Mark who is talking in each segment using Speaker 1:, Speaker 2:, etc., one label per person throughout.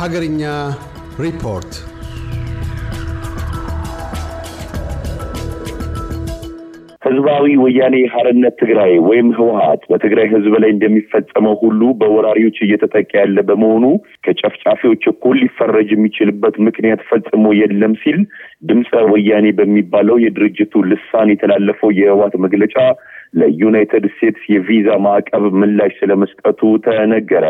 Speaker 1: ሀገርኛ ሪፖርት ህዝባዊ ወያኔ ሀርነት ትግራይ ወይም ህወሀት በትግራይ ህዝብ ላይ እንደሚፈጸመው ሁሉ በወራሪዎች እየተጠቃ ያለ በመሆኑ ከጨፍጫፊዎች እኩል ሊፈረጅ የሚችልበት ምክንያት ፈጽሞ የለም ሲል ድምፀ ወያኔ በሚባለው የድርጅቱ ልሳን የተላለፈው የህወሀት መግለጫ ለዩናይትድ ስቴትስ የቪዛ ማዕቀብ ምላሽ ስለመስጠቱ ተነገረ።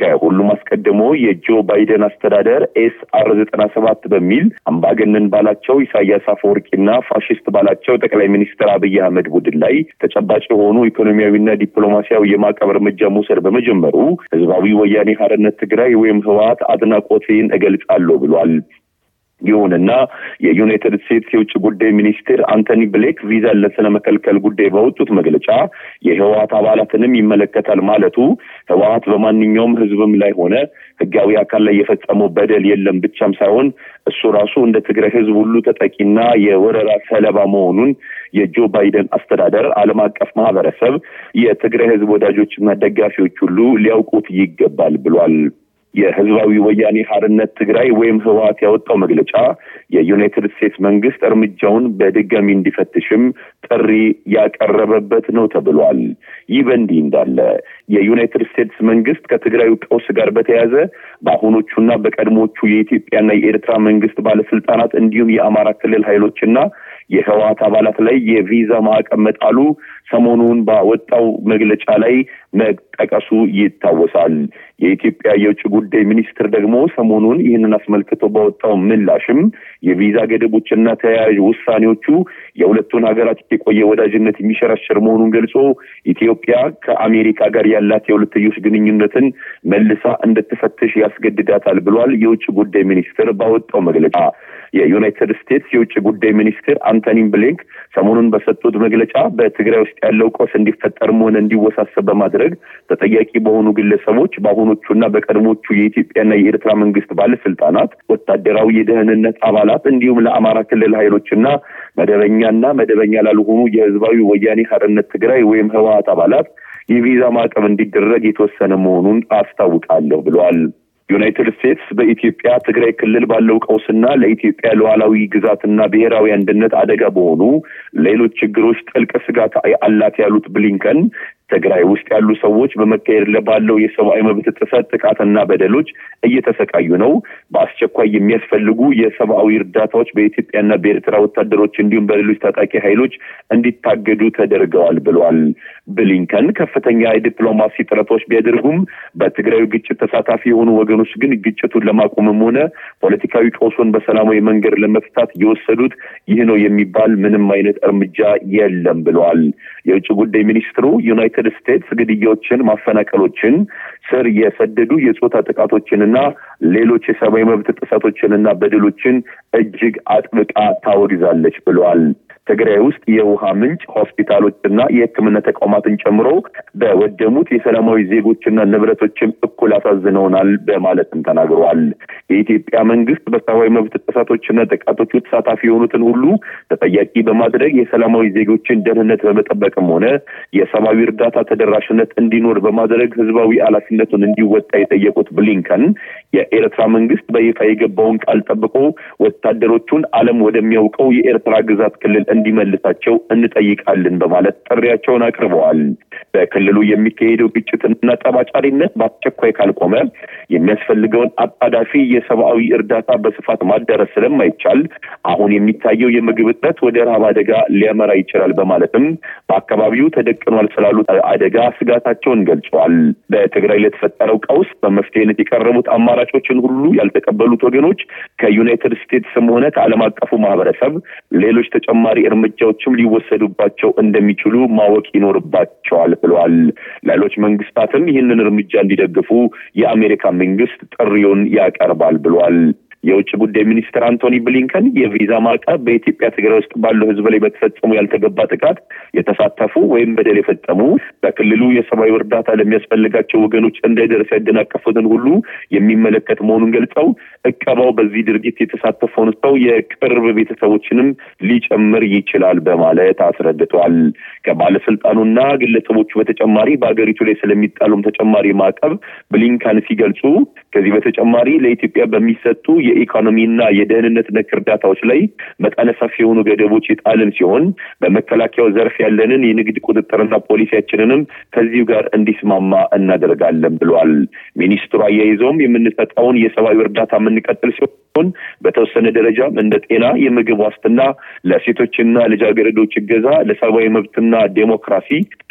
Speaker 1: ከሁሉም አስቀድሞ የጆ ባይደን አስተዳደር ኤስ አር ዘጠና ሰባት በሚል አምባገነን ባላቸው ኢሳያስ አፈወርቂና ፋሽስት ባላቸው ጠቅላይ ሚኒስትር አብይ አህመድ ቡድን ላይ ተጨባጭ የሆኑ ኢኮኖሚያዊና ዲፕሎማሲያዊ የማዕቀብ እርምጃ መውሰድ በመጀመሩ ህዝባዊ ወያኔ ሀርነት ትግራይ ወይም ህወሀት አድናቆቴን እገልጻለሁ ብሏል። ይሁንና የዩናይትድ ስቴትስ የውጭ ጉዳይ ሚኒስትር አንቶኒ ብሌክ ቪዛን ስለመከልከል ጉዳይ በወጡት መግለጫ የህወሀት አባላትንም ይመለከታል ማለቱ ህወሀት በማንኛውም ህዝብም ላይ ሆነ ህጋዊ አካል ላይ የፈጸመው በደል የለም ብቻም ሳይሆን እሱ ራሱ እንደ ትግራይ ህዝብ ሁሉ ተጠቂና የወረራ ሰለባ መሆኑን የጆ ባይደን አስተዳደር አለም አቀፍ ማህበረሰብ፣ የትግራይ ህዝብ ወዳጆችና ደጋፊዎች ሁሉ ሊያውቁት ይገባል ብሏል። የህዝባዊ ወያኔ ሀርነት ትግራይ ወይም ህወሀት ያወጣው መግለጫ የዩናይትድ ስቴትስ መንግስት እርምጃውን በድጋሚ እንዲፈትሽም ጥሪ ያቀረበበት ነው ተብሏል። ይህ በእንዲህ እንዳለ የዩናይትድ ስቴትስ መንግስት ከትግራዩ ቀውስ ጋር በተያያዘ በአሁኖቹና በቀድሞቹ የኢትዮጵያና የኤርትራ መንግስት ባለስልጣናት እንዲሁም የአማራ ክልል ኃይሎችና የህወሀት አባላት ላይ የቪዛ ማዕቀብ መጣሉ ሰሞኑን ባወጣው መግለጫ ላይ መጠቀሱ ይታወሳል። የኢትዮጵያ የውጭ ጉዳይ ሚኒስትር ደግሞ ሰሞኑን ይህንን አስመልክቶ ባወጣው ምላሽም የቪዛ ገደቦችና ተያያዥ ውሳኔዎቹ የሁለቱን ሀገራት የቆየ ወዳጅነት የሚሸረሸር መሆኑን ገልጾ ኢትዮጵያ ከአሜሪካ ጋር ያላት የሁለትዮሽ ግንኙነትን መልሳ እንድትፈትሽ ያስገድዳታል ብሏል። የውጭ ጉዳይ ሚኒስትር ባወጣው መግለጫ የዩናይትድ ስቴትስ የውጭ ጉዳይ ሚኒስትር አንቶኒ ብሊንክ ሰሞኑን በሰጡት መግለጫ በትግራይ ውስጥ ያለው ቀውስ እንዲፈጠርም ሆነ እንዲወሳሰብ በማድረግ ተጠያቂ በሆኑ ግለሰቦች በአሁኖቹና በቀድሞቹ የኢትዮጵያና የኤርትራ መንግስት ባለስልጣናት፣ ወታደራዊ የደህንነት አባላት እንዲሁም ለአማራ ክልል ኃይሎችና መደበኛና መደበኛ ላልሆኑ የህዝባዊ ወያኔ ሀርነት ትግራይ ወይም ህወሀት አባላት የቪዛ ማዕቀብ እንዲደረግ የተወሰነ መሆኑን አስታውቃለሁ ብለዋል። ዩናይትድ ስቴትስ በኢትዮጵያ ትግራይ ክልል ባለው ቀውስና ለኢትዮጵያ ሉዓላዊ ግዛትና ብሔራዊ አንድነት አደጋ በሆኑ ሌሎች ችግሮች ጥልቅ ስጋት አላት ያሉት ብሊንከን ትግራይ ውስጥ ያሉ ሰዎች በመካሄድ ለባለው ባለው የሰብአዊ መብት ጥሰት፣ ጥቃትና በደሎች እየተሰቃዩ ነው። በአስቸኳይ የሚያስፈልጉ የሰብአዊ እርዳታዎች በኢትዮጵያና በኤርትራ ወታደሮች እንዲሁም በሌሎች ታጣቂ ኃይሎች እንዲታገዱ ተደርገዋል ብለዋል። ብሊንከን ከፍተኛ የዲፕሎማሲ ጥረቶች ቢያደርጉም በትግራዩ ግጭት ተሳታፊ የሆኑ ወገኖች ግን ግጭቱን ለማቆምም ሆነ ፖለቲካዊ ቀውሱን በሰላማዊ መንገድ ለመፍታት የወሰዱት ይህ ነው የሚባል ምንም አይነት እርምጃ የለም ብለዋል። የውጭ ጉዳይ ሚኒስትሩ ዩናይትድ ስቴትስ ግድያዎችን፣ ማፈናቀሎችን፣ ስር የሰደዱ የጾታ ጥቃቶችንና ሌሎች የሰብአዊ መብት ጥሰቶችንና በደሎችን እጅግ አጥብቃ ታወግዛለች ብለዋል። ትግራይ ውስጥ የውሃ ምንጭ ሆስፒታሎችና የሕክምና ተቋማትን ጨምሮ በወደሙት የሰላማዊ ዜጎችና ንብረቶችም እኩል አሳዝነውናል በማለትም ተናግረዋል። የኢትዮጵያ መንግስት በሰብአዊ መብት ጥሰቶችና ጥቃቶቹ ተሳታፊ የሆኑትን ሁሉ ተጠያቂ በማድረግ የሰላማዊ ዜጎችን ደህንነት በመጠበቅም ሆነ የሰብአዊ እርዳታ ተደራሽነት እንዲኖር በማድረግ ህዝባዊ ኃላፊነቱን እንዲወጣ የጠየቁት ብሊንከን የኤርትራ መንግስት በይፋ የገባውን ቃል ጠብቆ ወታደሮቹን ዓለም ወደሚያውቀው የኤርትራ ግዛት ክልል እንዲመልሳቸው እንጠይቃለን በማለት ጥሪያቸውን አቅርበዋል። በክልሉ የሚካሄደው ግጭትና ጠባጫሪነት በአስቸኳይ ካልቆመ የሚያስፈልገውን አጣዳፊ የሰብአዊ እርዳታ በስፋት ማዳረስ ስለማይቻል አሁን የሚታየው የምግብ እጥረት ወደ ረሃብ አደጋ ሊያመራ ይችላል በማለትም በአካባቢው ተደቅኗል ስላሉት አደጋ ስጋታቸውን ገልጸዋል። በትግራይ ለተፈጠረው ቀውስ በመፍትሄነት የቀረቡት አማራጮችን ሁሉ ያልተቀበሉት ወገኖች ከዩናይትድ ስቴትስም ሆነ ከዓለም አቀፉ ማህበረሰብ ሌሎች ተጨማሪ እርምጃዎችም ሊወሰዱባቸው እንደሚችሉ ማወቅ ይኖርባቸዋል ብለዋል። ሌሎች መንግስታትም ይህንን እርምጃ እንዲደግፉ የአሜሪካ መንግስት ጥሪውን ያቀርባል ብሏል። የውጭ ጉዳይ ሚኒስትር አንቶኒ ብሊንከን የቪዛ ማዕቀብ በኢትዮጵያ ትግራይ ውስጥ ባለው ሕዝብ ላይ በተፈጸሙ ያልተገባ ጥቃት የተሳተፉ ወይም በደል የፈጸሙ በክልሉ የሰብአዊ እርዳታ ለሚያስፈልጋቸው ወገኖች እንዳይደርስ ያደናቀፉትን ሁሉ የሚመለከት መሆኑን ገልጸው እቀባው በዚህ ድርጊት የተሳተፈውን ሰው የቅርብ ቤተሰቦችንም ሊጨምር ይችላል በማለት አስረድቷል። ከባለስልጣኑና ግለሰቦቹ በተጨማሪ በሀገሪቱ ላይ ስለሚጣሉም ተጨማሪ ማዕቀብ ብሊንከን ሲገልጹ ከዚህ በተጨማሪ ለኢትዮጵያ በሚሰጡ የኢኮኖሚና የደህንነት ነክ እርዳታዎች ላይ መጠነ ሰፊ የሆኑ ገደቦች የጣልን ሲሆን በመከላከያው ዘርፍ ያለንን የንግድ ቁጥጥርና ፖሊሲያችንንም ከዚሁ ጋር እንዲስማማ እናደርጋለን ብሏል። ሚኒስትሩ አያይዘውም የምንሰጠውን የሰብአዊ እርዳታ የምንቀጥል ሲሆን በተወሰነ ደረጃም እንደ ጤና፣ የምግብ ዋስትና፣ ለሴቶችና ልጃገረዶች እገዛ፣ ለሰብአዊ መብትና ዴሞክራሲ፣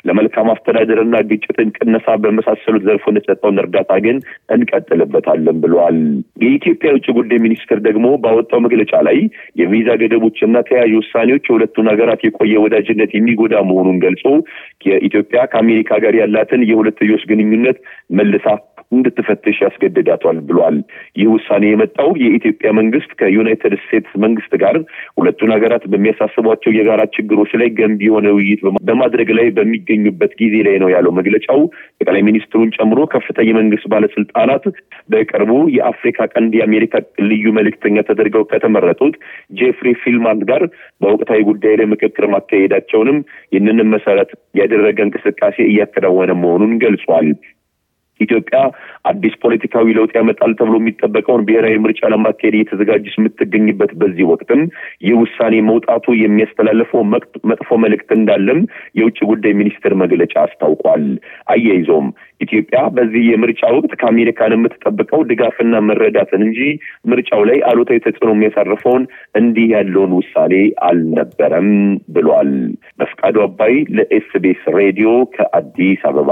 Speaker 1: ለመልካም አስተዳደርና ግጭትን ቅነሳ በመሳሰሉት ዘርፎ እንሰጠውን እርዳታ ግን እንቀጥልበታለን ብለዋል። የኢትዮጵያ የውጭ ጉዳይ ጉዳይ ሚኒስቴር ደግሞ ባወጣው መግለጫ ላይ የቪዛ ገደቦችና ተያያዥ ውሳኔዎች የሁለቱን ሀገራት የቆየ ወዳጅነት የሚጎዳ መሆኑን ገልጾ የኢትዮጵያ ከአሜሪካ ጋር ያላትን የሁለትዮሽ ግንኙነት መልሳ እንድትፈትሽ ያስገድዳቷል ብሏል። ይህ ውሳኔ የመጣው የኢትዮጵያ መንግስት ከዩናይትድ ስቴትስ መንግስት ጋር ሁለቱን ሀገራት በሚያሳስቧቸው የጋራ ችግሮች ላይ ገንቢ የሆነ ውይይት በማድረግ ላይ በሚገኙበት ጊዜ ላይ ነው ያለው መግለጫው። ጠቅላይ ሚኒስትሩን ጨምሮ ከፍተኛ የመንግስት ባለስልጣናት በቅርቡ የአፍሪካ ቀንድ የአሜሪካ ልዩ መልእክተኛ ተደርገው ከተመረጡት ጄፍሪ ፊልማንት ጋር በወቅታዊ ጉዳይ ላይ ምክክር ማካሄዳቸውንም ይህንንም መሰረት ያደረገ እንቅስቃሴ እያከናወነ መሆኑን ገልጿል። ኢትዮጵያ አዲስ ፖለቲካዊ ለውጥ ያመጣል ተብሎ የሚጠበቀውን ብሔራዊ ምርጫ ለማካሄድ እየተዘጋጀች የምትገኝበት በዚህ ወቅትም ይህ ውሳኔ መውጣቱ የሚያስተላልፈው መጥፎ መልእክት እንዳለም የውጭ ጉዳይ ሚኒስትር መግለጫ አስታውቋል። አያይዞም ኢትዮጵያ በዚህ የምርጫ ወቅት ከአሜሪካን የምትጠብቀው ድጋፍና መረዳትን እንጂ ምርጫው ላይ አሉታዊ ተጽዕኖ የሚያሳርፈውን እንዲህ ያለውን ውሳኔ አልነበረም ብሏል። በፍቃዱ አባይ ለኤስቢኤስ ሬዲዮ ከአዲስ አበባ